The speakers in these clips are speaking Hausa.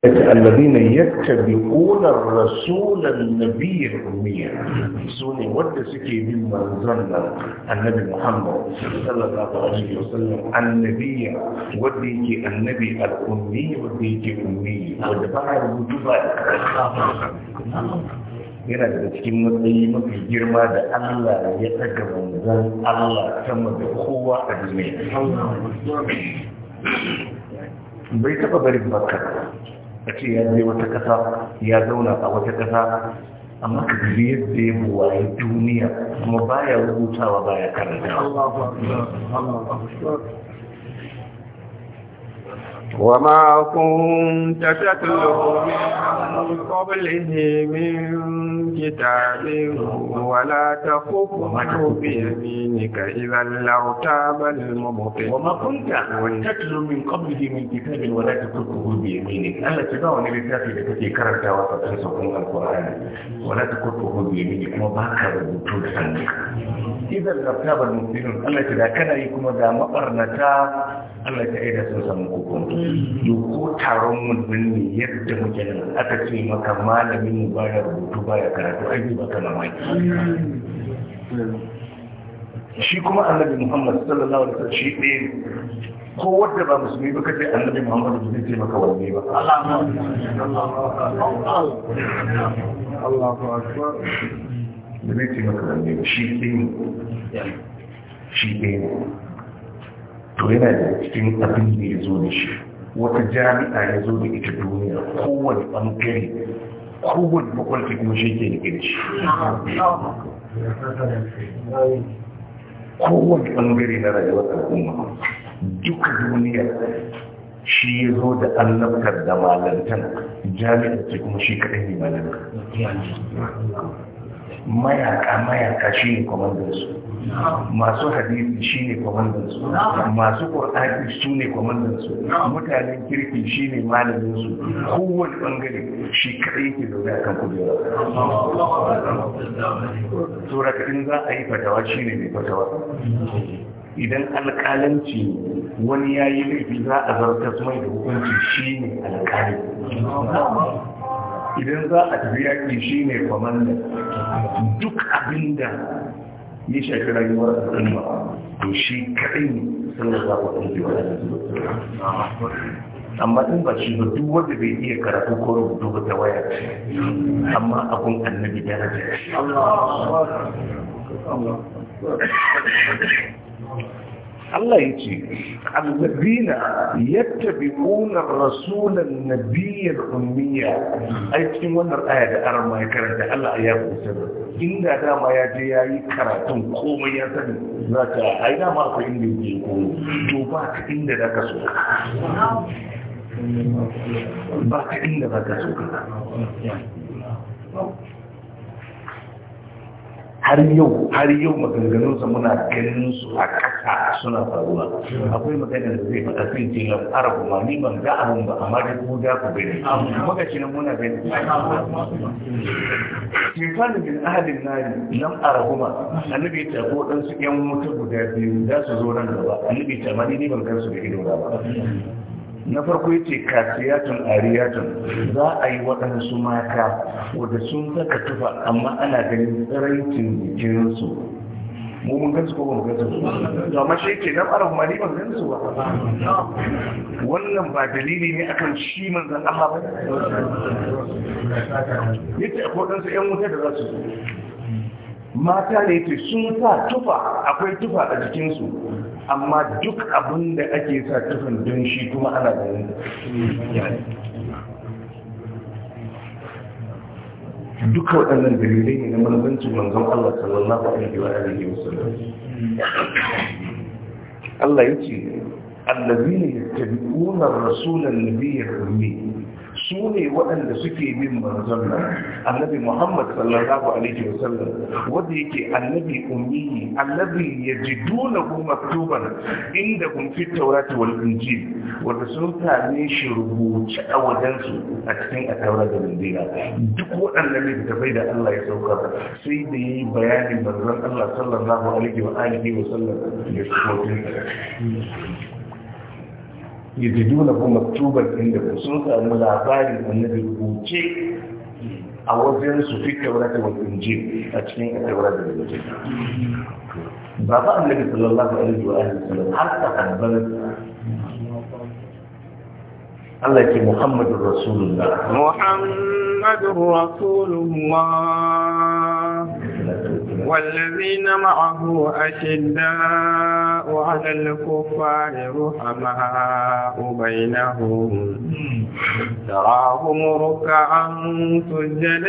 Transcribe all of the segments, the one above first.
yace alladin yattabi'un ar-rasul an-nabiy ummiya sune wanda suke bin manzon annabi muhammad sallallahu alaihi wasallam annabiy wanda yake annabi al-ummi wanda yake ummi wanda ba a rubutu ba yana daga cikin matsayi mafi girma da Allah ya daga manzon Allah ta mada kowa a duniya bai taɓa bari makka ka ce ya je wata ƙasa ya zauna a wata ƙasa amma ka wayi yadda ya buwaye duniya kuma baya rubutawa baya karanta وما كنت تتلو من قبله من كتاب ولا تخفه بيمينك إذا لارتاب المبطل وما كنت تتلو من قبله من كتاب ولا تخفه بيمينك ألا تباع نبتاك لكي كررت وتنسق القرآن ولا تخفه بيمينك وباك ربطول سنك إذا لارتاب المبطل ألا تباع كان يكون ذا مقرنتا Allah ta aida sun samu kokon yau ko taron mun ne yadda muke nan aka ce maka malamin mu baya rubutu baya karatu ai ba ka mamaki shi kuma annabi Muhammad sallallahu alaihi wasallam shi ɗaya ko wadda ba musulmi ba kace annabi Muhammad zai ce maka wanne ba Allahu akbar zai ce maka wanne ba shi ɗaya shi ɗaya to yana da cikin abin da ya zo da shi wata jami'a ya zo da ita duniya kowane bangare. kowane makwalci kuma shi ke nake da shi kowane bangare na rayuwar al'umma duka duniya shi ya zo da annabtar da malantan jami'ar ce kuma shi kaɗai ne malantan mayaka mayaka shi ne kwamandansu masu hadisi shine kwamandan su masu su sune kwamandan su mutanen kirki shine malamin su kowane bangare shi kaɗai yake zaune akan kujera sura kadin za a yi fatawa shine mai fatawa idan alƙalanci wani ya yi laifi za a zartas mai da hukunci shi ne alƙalin. idan za a tafi yaƙi shi ne kwamandan duk abinda ya shafi rayuwar al'umma to shi kaɗai ne sallallahu alaihi wa amma in ba shi ba duk wanda bai iya karatu ko rubutu ba ta waya ce amma abun annabi daraja ce Allah ya ce bi yattabi'una rasulun nabiyar ummiya ai cikin wannan aya da arama ya karanta Allah ya kusa inda dama ya je yayi karatun komai ya sani zaka ai dama akwai inda yake ko to ba ka inda ka so ba ka inda ka so har yau har yau maganganunsa muna ganin su a ƙasa suna faruwa akwai maganar da zai faɗa kan jin arab ma ni ban ga abin ba amma dai ko da ku gani magaci nan muna gani shefan bin ahadin nari nan arahuma annabi ta ko dan su yan mutu guda biyu za su zo nan gaba annabi ta ma ni ban gan su da ido ba na farko yace kasiyatun ariyatun za a yi waɗansu mata wadda sun saka tufa amma ana ganin tsaraicin jirinsu. mu mun gansu ko mun gansu to amma shi ke nan aron mali ban gansu ba wannan ba dalili ne akan shi manzon Allah ba yace ko dan su ƴan wuta da za su mata ne yace sun sa tufa akwai tufa a jikinsu amma duk abin da ake sa tufin don shi kuma ana ganin duka waɗannan dalilai ne na manubancin manzon Allah sallallahu alaihi wa alihi Allah ya ce allazina yattabi'una rasulan nabiyyar ummi su ne waɗanda suke bin manzon nan annabi muhammad sallallahu alaihi wa wanda yake annabi ummi annabi yajiduna hu maktuban inda kun fi tawrat wal injil wanda sun same shi rubuce a wajensu a cikin atawra da injila duk waɗanda ne da da Allah ya sauka sai da yi bayanin manzon Allah sallallahu alaihi wa alihi wa sallam ya yajiduna kuma tubar inda ba, sun samu labarin annabi rubuce a wajen su fi taurata wa inji a cikin taurata da inji ba ba annabi sallallahu alaihi wa alihi wasallam har ta karbar Allah ke Muhammadu Rasulullah Muhammadu Rasulullah والذين معه أشداء على الكفار رحماء بينهم تراهم ركعا سجدا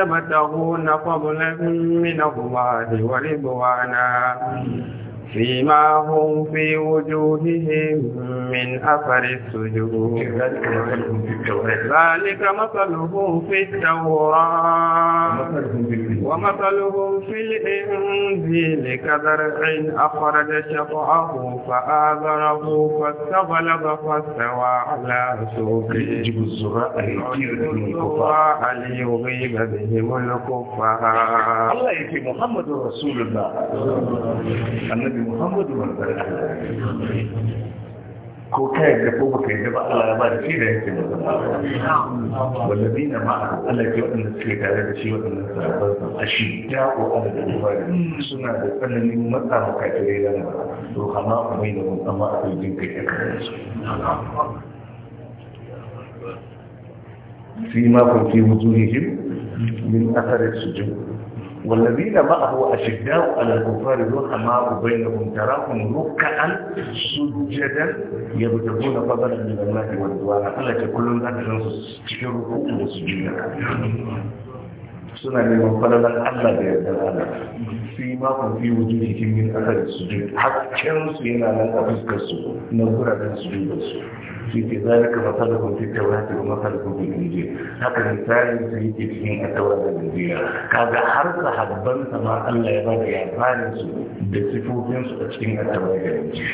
يبتغون فضلا من الله ورضوانا فيما هم في وجوههم من أثر السجود ذلك مثلهم في التوراة ومثلهم في الإنزيل كذرع أخرج شطأه فآذره فاستغلظ فاستوى على سوقه يجب الزراء ليغيب بهم الكفار الله يكفي محمد رسول الله annabi muhammadu ko ka yadda ko baka yadda ba Allah ya ba da shi da yake manzan Allah wallabi na ma'a Allah ke waɗanda suke tare da shi waɗannan sahabban sa a shi da'o ala da ibada suna da tsananin matsa makafirai da ba to kama kuma da mun amma a cikin kai ya kare su ma kun fi wujuhihim min sujud والذين معه أشداء على الكفار رحماء بينهم تراهم ركعا سجدا يبتغون فضلا من الله ورضوانا ألا تكلون أجرا ركوع وسجودا suna neman falalan Allah da yarda Allah fi ma kun fi wujuhikin min akal sujud hakkin su yana nan a fuskar su na su sujudar su yake zalika masalukum fi tawrati wa masalukum fil injil haka misalin su yake cikin at da injil kaga har sahabban sa ma Allah ya bada labarin su da sifofin su a cikin at-taurat da injil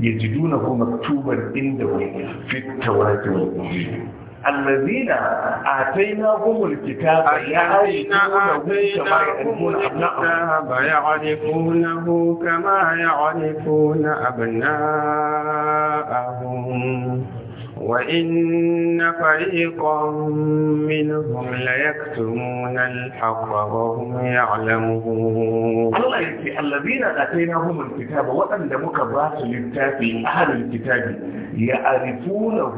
yajidunahu maktuban indahum fi at-taurat wal injil الذين آتيناهم الكتاب يعرفونه كما يعرفون أبناءهم وإن فريقا منهم ليكتمون الحق وهم يعلمون الله يكفي الذين آتيناهم الكتاب وأن دمك باس للتاب أهل الكتاب يعرفونه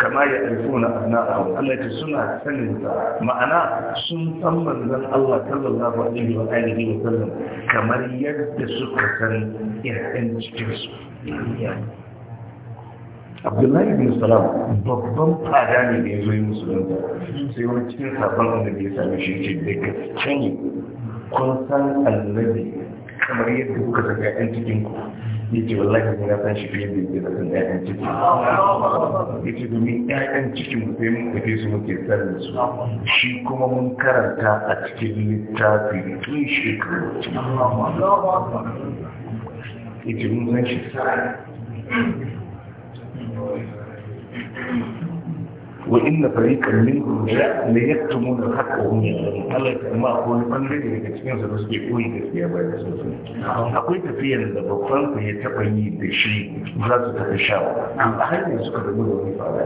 كما يعرفون أبناءهم الله تسنى سنة معنى سنة من الله صلى الله عليه وآله وسلم كما يدسك سنة إن تجلسوا abdullahi bin salam babban fada ne da ya zo yi musulunta sai wani cikin sabon annabi ya same shi ce da gaske ne kun san annabi kamar yadda kuka san ƴaƴan cikin ku ya ce wallahi na san shi fiye da yadda san ƴaƴan cikin ya ce domin ƴaƴan cikin ku sai mun kafe su muke sanin su shi kuma mun karanta a cikin littafi tun shekaru ya ce mun san shi sa'a wa inna fariqan minhum la yaktumuna al-haqqa wa hum ya'lamun Allah ya kuma ko wani bangare daga cikin su suke koyi gaskiya ba da su akwai tafiyar da babban ku ya taba yi da shi za su tafi shawa a hanyar suka da gudu wani fara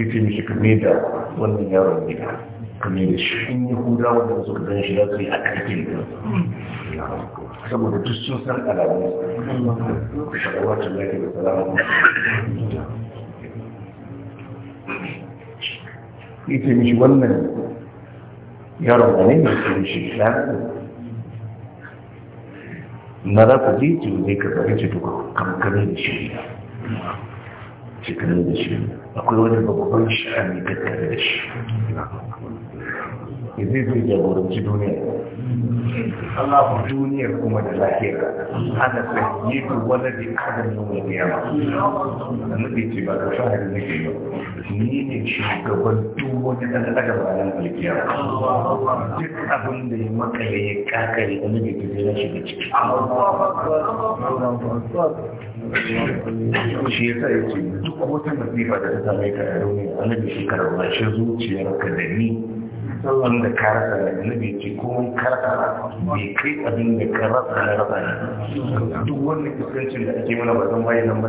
yace mishi kame da wannan yaron gida kame da shi in yahudawa da suka gan shi za su yi a karfin saboda duk sun san alamu salawatu ke wa salamu ita mishi wannan yaron da ne mai sun shi na za ku je ki ne ka zare ki duka kankare da shi shekaru da shi akwai wani babban ne tattare da shi ya zai zai jagoranci duniya Allah duniyar kuma da lafiyar ana sayyidu wala bi adam yawm al-qiyamah annabi ce ba da ne ke ni ne shugaban duk wani dan adam a nan al duk abin da ya makale ya kakare annabi ce zai shiga ciki shi ya sa ya ce duk wata masifa da ta same ka a yau ne annabi shi karɓar shi da ni sallan da ka rasa da nabi ce komai ka rasa bai kai abin da ka rasa na rasa ne duk wannan kusancin da ake mana ba zan bayi nan ba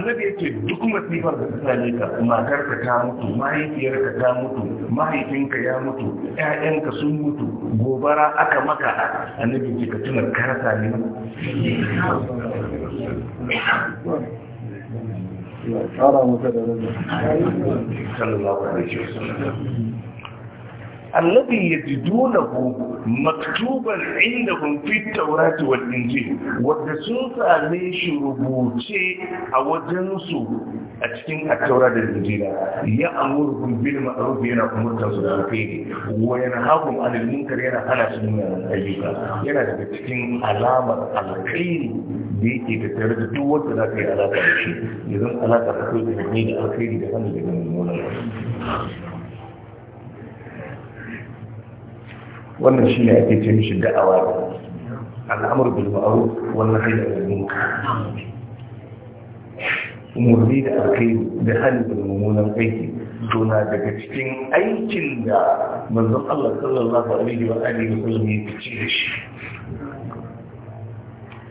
annabi ya ce duk masifar da ta same ka matar ka ta mutu mahaifiyar ka ta mutu mahaifinka ya mutu ƴaƴanka sun mutu gobara aka maka annabi ce ka tuna ka rasa ne ƙara maka da rana alladhi yajidunahu maktuban indahum fi tawrati wal injil wanda sun same shi rubuce a wajen su a cikin attaura da injila ya amuru kun bil ma'ruf yana umurta su da alkhairi wa yanhahum anil munkar yana hana su min ayyuka yana daga cikin alamar alkhairi da yake da tare da duk za ka yi alaƙa da shi alaƙa ta kai da alkhairi da hannu da mummunan wannan shi ne ake ce mishi da'awa al'amur bil ma'ruf wal nahy anil munkar umurni da Alkai da hali mummunan aiki to na daga cikin aikin da manzon Allah sallallahu alaihi wa alihi wa sallam ya fice da shi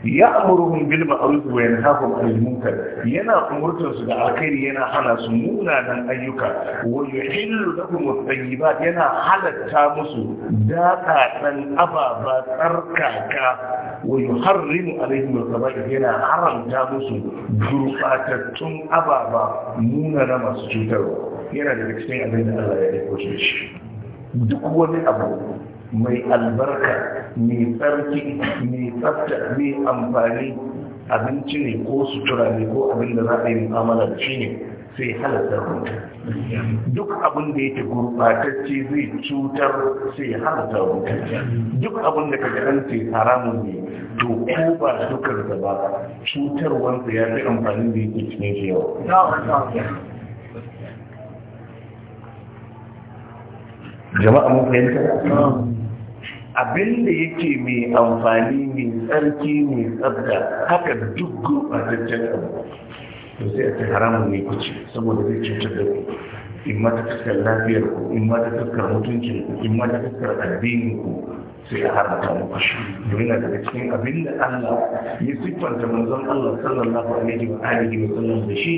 ya'muruhum bil ma'ruf wa yanhahum 'anil munkar yana umurtar su da alkhairi yana hana su munanan ayyuka wa yuhillu lahum at-tayyibat yana halatta musu daɗaɗan ababa tsarkaka wa yuharrimu alaihim al-khaba'ith yana haramta musu gurbatattun ababa munana masu cutarwa yana da cikin abin da Allah ya aiko shi duk wani abu mai albarka mai tsarki mai tsafta mai amfani abinci ne ko sutura ne ko abin da za a yi mu'amala da shi ne sai halatta hutu duk abin da yake gurbatacce zai cutar sai halatta hutu duk abin da kaga an sai haramun ne to ko ba dukkan da ba wanda ya fi amfanin da yake cikin shi yau jama'a mun fahimta Abin da yake mai amfani mai tsarki mai tsabta haka duk gurɓataccen abu to sai a ce haramun ne ku ce saboda zai cutar da ku in ma ta fuskar lafiyar ku in ma ta fuskar mutuncin ku in ma ta fuskar addinin ku sai a haramta muku shi domin daga cikin abin da Allah ya siffanta manzon Allah sallallahu alaihi wa alihi wa sallam da shi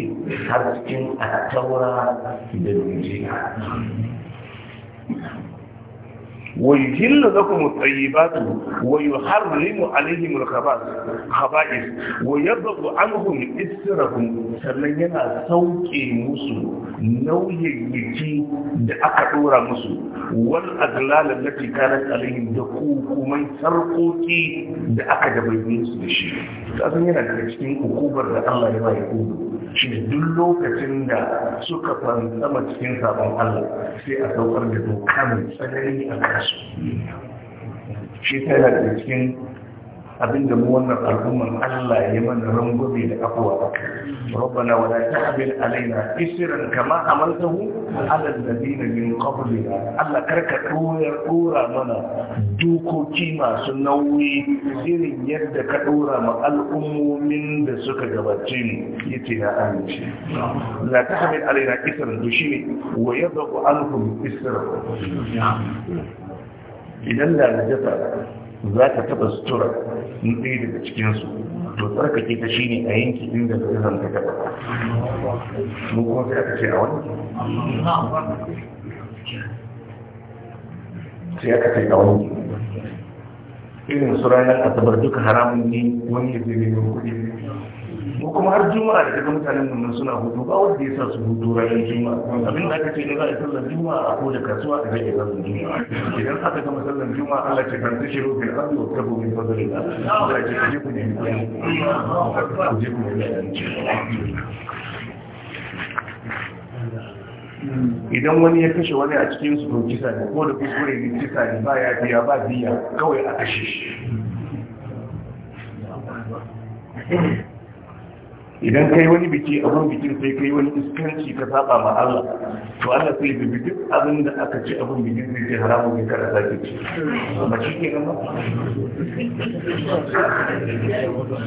har cikin at-taura da injila ويجل لكم الطيبات ويحرم عليهم الخبائث ويبغض عنهم إسرهم sannan yana sauke musu nauyayyaki da aka ɗora musu wal aglala lati kanat alaihim da hukumai sarkoki da aka dabaye su da shi kasan yana daga cikin hukumar da Allah ya ba shi duk lokacin da suka fantsama cikin sabon Allah sai a saukar da mai tsanani a kasu shi tana da cikin abinda mu wannan al'umman Allah ya mana rangume da abuwa rabbana wala tahmil alaina isran kama amaltahu ala alladhina min qablina Allah karka doyar dora mana dokoki masu nauyi irin yadda ka dora ma al'ummomin da suka gabace mu yace na amince la tahmil alaina isran to shine wa yadhu ankum isran idan la najasa za ka taɓa sutura in ɗaya daga cikinsu to tsarkake ta shi ne a yanki inda da zan ta taɓa mu kuma sai aka ce a wani sai aka ce a wani irin su ranar asabar duka haramun ne wani ya zai neman kuɗi ko kuma har juma'a da kaga mutanen mun suna hutu ba wanda ya sa su hutu ranar juma'a abin da aka ce da za a sallar juma'a a kowace kasuwa da zai sallar juma'a idan aka gama sallar juma'a Allah ce kan tashi rufi da abu ta bu min fadari da Allah ce je ku ne ku je ku ne idan wani ya kashe wani a cikin su kisa ne ko da kuskure ne kisa ne ba ya biya ba biya kawai a kashe shi idan kai wani biki abun bikin sai kai wani iskanci ka saba ma Allah to Allah sai ya bi duk abin da aka ce abun bikin sai ya haramu ne kada sake ci ba shi ke gama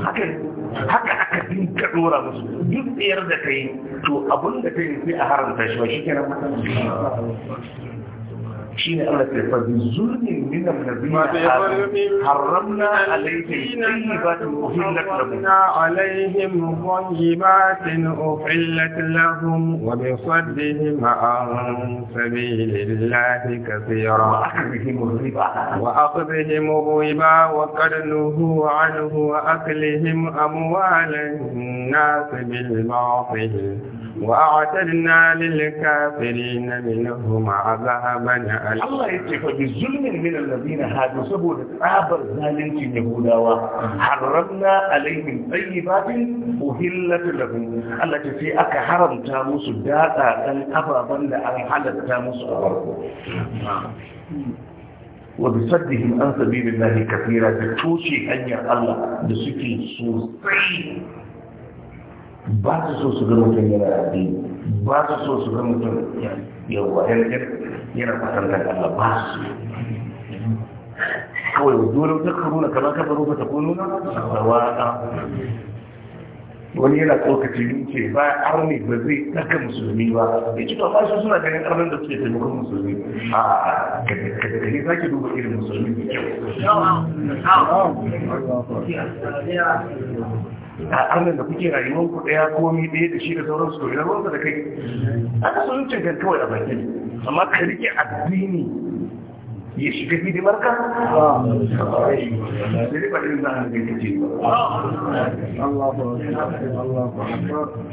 haka haka aka ka dora musu duk tsayar da kai to abun da kai sai a haramta shi ba shi ke gama shi ne Allah sai fa bi zulmin من الذين حرمنا عليهم طيبات لهم عليهم طيبات أحلت لهم وبصدهم عن سبيل الله كثيرا وأخذهم الربا وأخذهم الربا عنه وأكلهم أموال الناس بالباطل وأعتدنا للكافرين منهم عذابا أليما الله يتفق بالظلم من الذين هادوا سبوا عبر ذلك يهودا حرمنا عليهم طيبات أهلت لهم التي في أك حرم تاموس داتا أن أبا بند أن حلت تاموس أبركو وبصدهم عن سبيل الله كثيرا بتوشي أن الله بسكي سوسي ba su so su ga mutum yana rabi ba su so su ga mutum yawa yana fatan da Allah ba su kawai dole ta karuna kama ka baro ba ta kununa sawaka wani yana tsokaci duke ba arni ba zai ɗaka musulmi ba ya ci ba su suna ganin arnin da suke taimakon musulmi a kaddare za ki duba irin musulmi da kyau a arnan da kuke rayuwar ku daya komi daya da shi da sauransu to ina ruwansa da kai aka so yin kawai a bakin amma ka rike addini ya shiga hidimar ka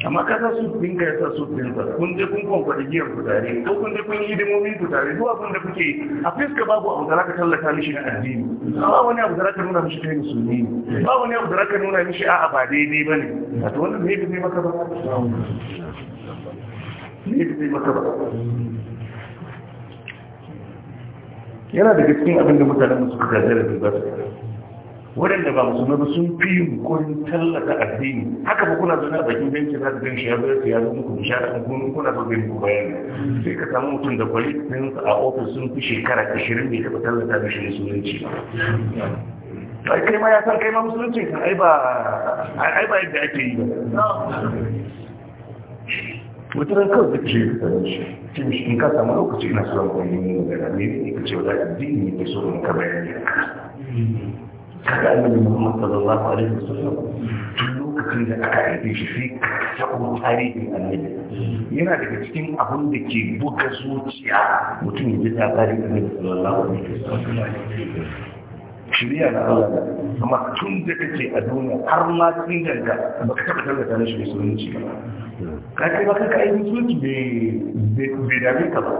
amma ka sa su ɗinka ya sa su ɗinka kun je kun kwankwada giyar ku tare ko kun je kun yi hidimomin ku tare zuwa kun da kuke a fiska babu abu da za ka tallata mishi na addini ba wani abu da nuna mishi kai musulmi ba wani abu da nuna mishi a'a ba daidai ba ne a to wannan ne bai maka ba ne bai maka ba yana daga cikin abin da mutanen suka gajara da ba su waɗanda ba musu nabi sun fi yin koyin tallata addini haka ba kuna zaune a bakin benci za ka ganshi ya zo ya zo muku bishara an kuma kuna so zai muku bayani sai ka samu mutum da kwalitin a ofis sun fi shekara ashirin ne taɓa tallata da shi musulunci ai kai ma ya san kai ma musulunci ai ba ai ba yadda ake yi ba Mutum ran kawai zai shi da shi ce mishi in ka samu lokaci ina so zan koyi yin magana ne ne ka ce wa zai addini ne so da ka bayani a kan kaga annabi Muhammad sallallahu alaihi wasallam tun lokacin da aka haife shi sai sako tarihin annabi yana daga cikin abin da ke buga zuciya mutum ya ji tarihin annabi sallallahu alaihi wasallam shirya na Allah da amma tun da kake a duniya har ma tun da ba ka taɓa tallata na shi musulunci ba ka ce ba kanka ai musulunci bai dame ka ba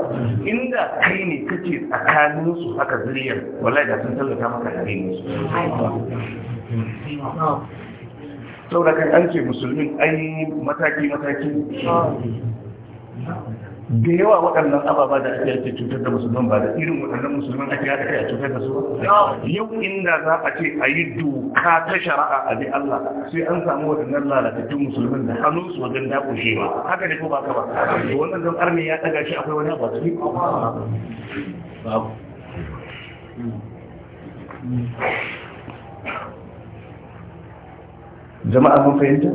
inda kai ne kake tsakanin su haka zuriyar wallahi da sun tallata maka da su saboda kan an ce musulmin ai mataki mataki da yawa waɗannan ababa da ake ake cutar da musulman ba da irin waɗannan musulman ake kai a cutar da su yau inda za a ce a yi doka ta shari'a a bi Allah sai an samu waɗannan lalatattun musulman da hannun su wajen dakushe ba haka ne ko ba ka ba wannan zan arni ya ɗaga shi akwai wani abu a ciki babu jama'a mun fahimta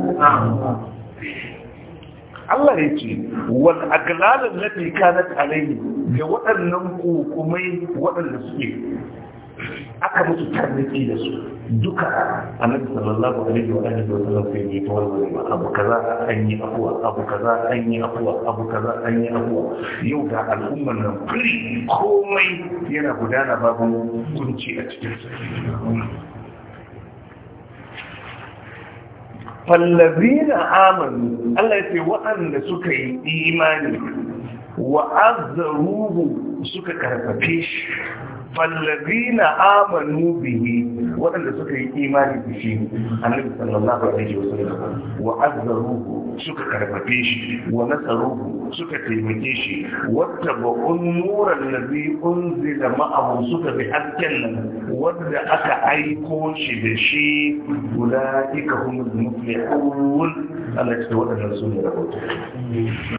Allah ya ce wal na lati kanat alayhi da waɗannan hukumai waɗanda suke aka musu tarnaki da su duka annabi sallallahu alaihi wa alihi wa sallam sai ne tawar wani abu kaza an yi afuwa abu kaza an yi afuwa abu kaza an yi afuwa yau da al'ummar nan fili komai yana gudana babu kunci a cikin فالذين آمنوا التي وأن سكي إيماني وأذروه سكي كهربيش fallazina amanu bihi waɗanda suka yi imani da shi annabi sallallahu alaihi wasallam wa azzaruhu suka karfafe shi wa nasaruhu suka taimake shi wattaba'un nuran ladhi unzila ma'ahu suka bi hasken nan wanda aka aiko shi da shi ulaika humul muflihun Allah ya ce waɗannan su ne rahoto